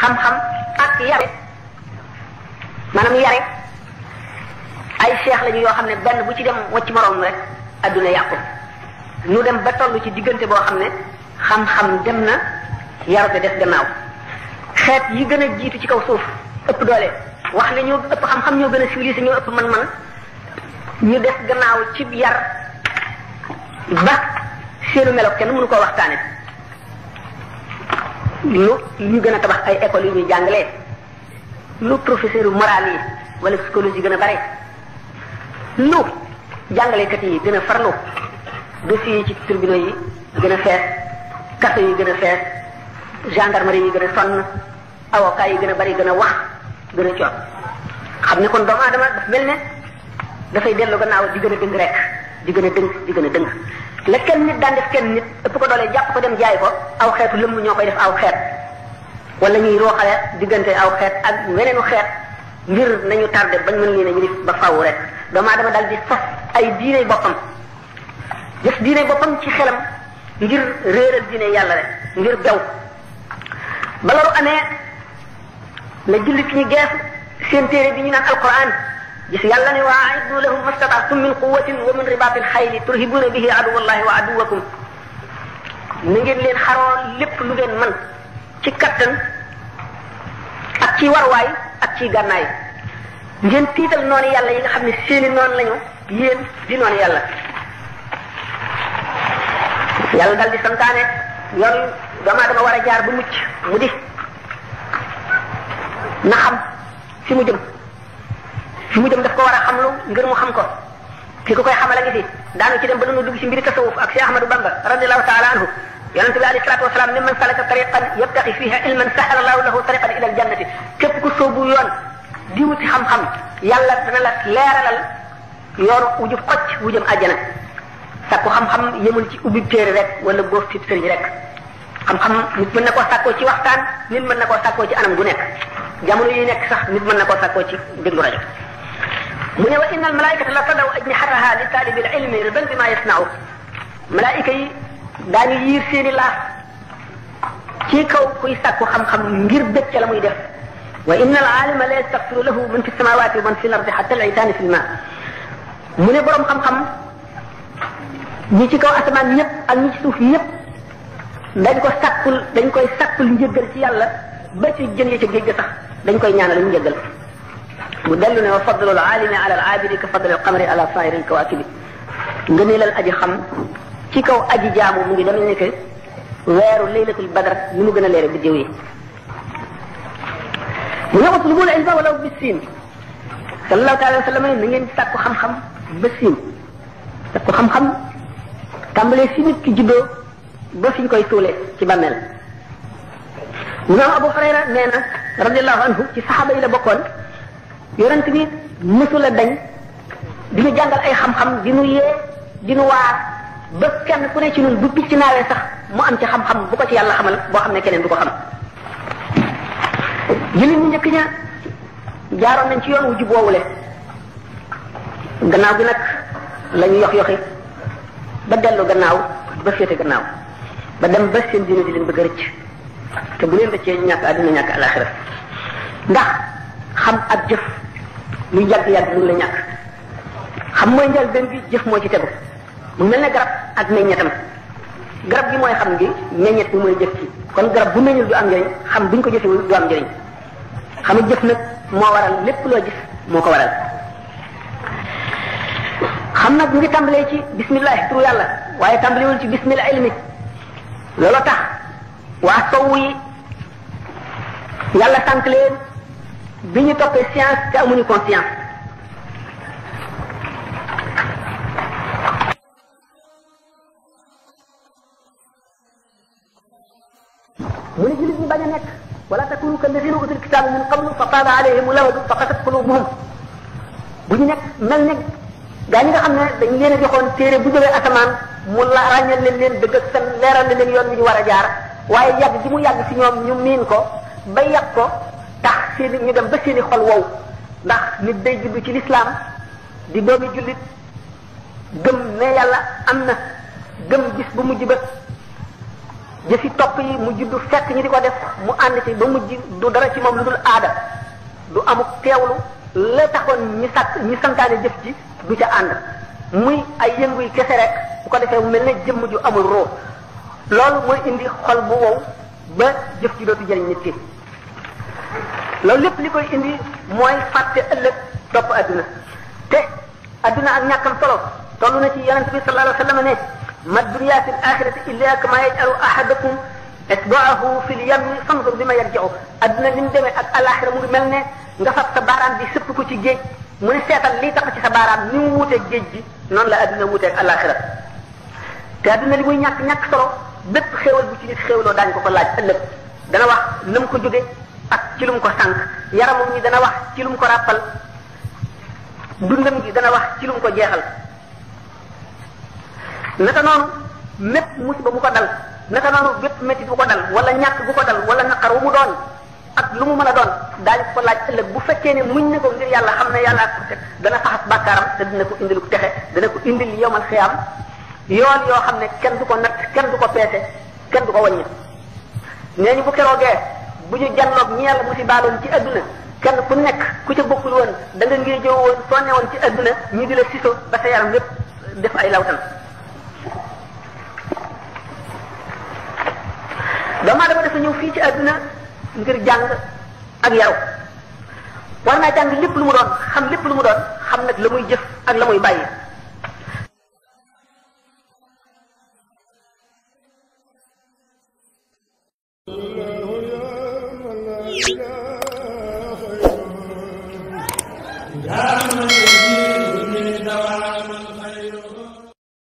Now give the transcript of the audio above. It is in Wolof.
xam-xam ak yare maanaam yare ay seex lañu yoo xam ne benn bu ci dem wacc moroom rek adduna yàqu ñu dem ba toll ci diggante boo xam ne xam-xam dem na yar bi des gannaaw xeet yi gën a jiitu ci kaw suuf ëpp doole wax ne ñoo ëpp xam-xam ñoo gën a civilisé ñoo ëpp man-man ñu def gannaaw ci yar ba seenu melo kenn mënu koo waxtaane lu ñu gën a tabax ay écoles yu ñuy jàngale lu professeur moral yi wala psychologie gën a bare lu jàngalekat yi gën a farlu dossiers yi ci tribunaux yi gën a fees kaso yi gën a fees gendarmerie yi gën a sonn avocat yi gën a bari gën a wax gën a coot xam ne kon doomu aadama daf mel ne dafay dellu gannaaw di gën a di gën a dëng di gën a dëng la kenn nit daan def kenn nit ëpp ko doole jàpp ko dem jaay ko aw xeetu lëmm ñoo koy def aw xeet wala ñuy rooxale diggante aw xeet ak weneenu xeet ngir nañu tardé bañ mën leen a ñu def ba faaw rek doomu aadama daal di fas ay diine boppam jëf diine boppam ci xelam ngir réeral diine yàlla rek ngir bew balaru amee la jullit ñi gees seen téere bi ñu naan alquran جس يلا واعدوا لهم ما استطعتم من قوة ومن رباط الخيل ترهبون به عدو الله وعدوكم نجد لين حرار لب لغين من تي كتن اكي ورواي اكي غناي نجد تيتل نوني يلا يلا خبني سيني نون لنو يين دي نوني يلا يلا دل دي سمتاني يلا دما دما ورا بمج مدي نخم سيمو جمع fi mu jëm daf ko war a xam lu ngir mu xam ko ki ko koy xamal a ngi daanu ci dem ba nu dugg ci mbiri tasawuf ak Cheikh Ahmadou Bamba radiallahu taala anhu yonente bi alayhi salaatu wasalaam ne man salaka tariqan yabtaqi fiha ilman sahala allahu lahu tariqan ila aljannati képp ku soobu yoon di wuti xam-xam yàlla dana la leeralal yoonu wu jub xocc wu jëm àjjana sàkku xam-xam yemul ci ubbi téere rek wala góof ci sëriñ rek xam-xam nit mën na koo sàkkoo ci waxtaan nit mën na koo sàkkoo ci anam gu nekk jamono yi nekk sax nit mën na koo sàkkoo ci déglu rajo من وإن الملائكة لا تدعو أجنحتها لطالب العلم ربما ما يسمعه ملائكة داني يرسل الله كي كو كي ساكو خم خم مير بك وإن العالم لا يستغفر له من في السماوات ومن في الأرض حتى العيتان في الماء من برم خم خم نيجي كو أسمان يب أني سوف يب دانكو ساكو دانكو ساكو مير بك يالله بس يجن يجن يجن يجن يجن يجن يجن يجن يجن يجن يجن يجن مدلنا وفضل العالم على العابد كفضل القمر على صائر الكواكب غني لا اجي خم تي كو اجي جامو مي دامي نيك وير ليله البدر نيو غنا لير بي ديوي نيو طلبوا العلم ولو بالسين صلى الله تعالى وسلم ني نين تاكو خم خم بالسين تاكو خم خم تامبلي سينيت كي جيدو با فين كوي تولي تي بامل نيو ابو هريره نينا رضي الله عنه تي صحابه الى بوكون yonent bi mësula dañ di ñu jàngal ay xam-xam di ñu yee waar ba kenn ku ne ci ñun bu picc naawee sax mu am ci xam-xam bu ko ci yàlla xamal boo xam ne keneen du ko xam jullit ñu njëkk ña jaaroon nañ ci yoon wu jub woowule gannaaw gi nag la ñu yox yoxi ba dellu gannaaw ba féete gannaaw ba dem ba seen diine di leen bëgg a rëcc te bu leen rëccee ñàkk àddina ñàkk alaxira ndax xam ak jëf li yàgg-yàgg lu la ñàkk xam mooy njal benn bi jëf moo ci tegu mu mel ne garab ak meññetam garab gi mooy xam gi meññet bi mooy jëf ci kon garab bu meññul du am njëriñ xam buñ ko jëfewul du am njëriñ xam jëf nag moo waral lépp loo gis moo ko waral xam nag ñu ngi tàmbalee ci bismillah turu yàlla waaye tàmbalewul ci bismillah ilmi loolu tax waa sowu yi yàlla sànq leen bi ñu toppee science te amuñu conscience mu ne jullit ñi bañ a nekk wala takunu kallazina utul kitaab min qablu fa taala alayhimul amadu fa qasat qulubuhum bu ñu nekk a joxoon téere bu mu la ràññal leen leen dëgg ak seen leeral yoon bi ñu war a jaar waaye yàgg mu yàgg ci ñoom ñu miin ko ba ko. tax seen ñu dem ba seeni xol wow ndax nit day jiddu ci l'islam di doomi julit gëm ne yàlla am na gëm gis bu mujj ba jëfi topp yi mu jiddu fekk ñi di ko def mu ànd ci ba mujj du dara ci moom lu dul aada du amuk teewlu la taxoon ñi sàkk ñi santaane jëf ci du ca ànd muy ay yëngu yi rek bu ko defee mel ne jëmm ju amul roo loolu mooy indi xol bu wow ba jëf ji dootu jëriñ nit ki loolu lépp li koy indi mooy fàtte ëllëg topp adduna te adduna ak ñàkkam solo toll na ci yonent bi sallallahu alayhi wa sallam ne ma dunya fil axirati illa kama yaj'alu ahadakum isba'ahu fil yammi fanzur bi ma yarji'u adduna ni mu demee ak alaxira mu ngi mel ne nga fab sa baaraam bi sëpp ko ci géej mu ne seetal liy tax ci sa baaraam ni mu wuuteeg géej gi noonu la adduna wuuteeg alaxira te adduna li muy ñàkk ñàkk solo bépp xéewal bu ci nit xéewloo daañu ko ko laaj ëllëg dana wax na mu ko jóge ak ci lu ko sànq yaramam ñi dana wax ci mu ko ràppal dundam gi dana wax ci ko jeexal naka noonu mu musiba bu ko dal naka noonu bépp métit bu ko dal wala ñàkk bu ko dal wala naqar wu mu doon ak lu mu mën a doon daañu ko laaj ëllëg bu fekkee ne muñ ne ko ngir yàlla xam ne yàlla ak ko dana faxas bàkkaaram te dina ko indil texe dana ko indil yowmal xiyaam yoon yoo xam ne kenn du ko natt kenn du ko peese kenn du ko wàññi nee ñu bu keroogee bu ñu jàlloog ñi yàlla musibaaloon ci adduna kenn ku nekk ku ca bokkul woon da nga ngir jëw woon sonne woon ci adduna ñi di la siso ba sa yaram lépp def ay lawtan doomu aadama dafa ñëw fii ci adduna ngir jàng ak yaru war naa jàng lépp lu mu doon xam lépp lu mu doon xam nag la muy jëf ak la muy bàyyi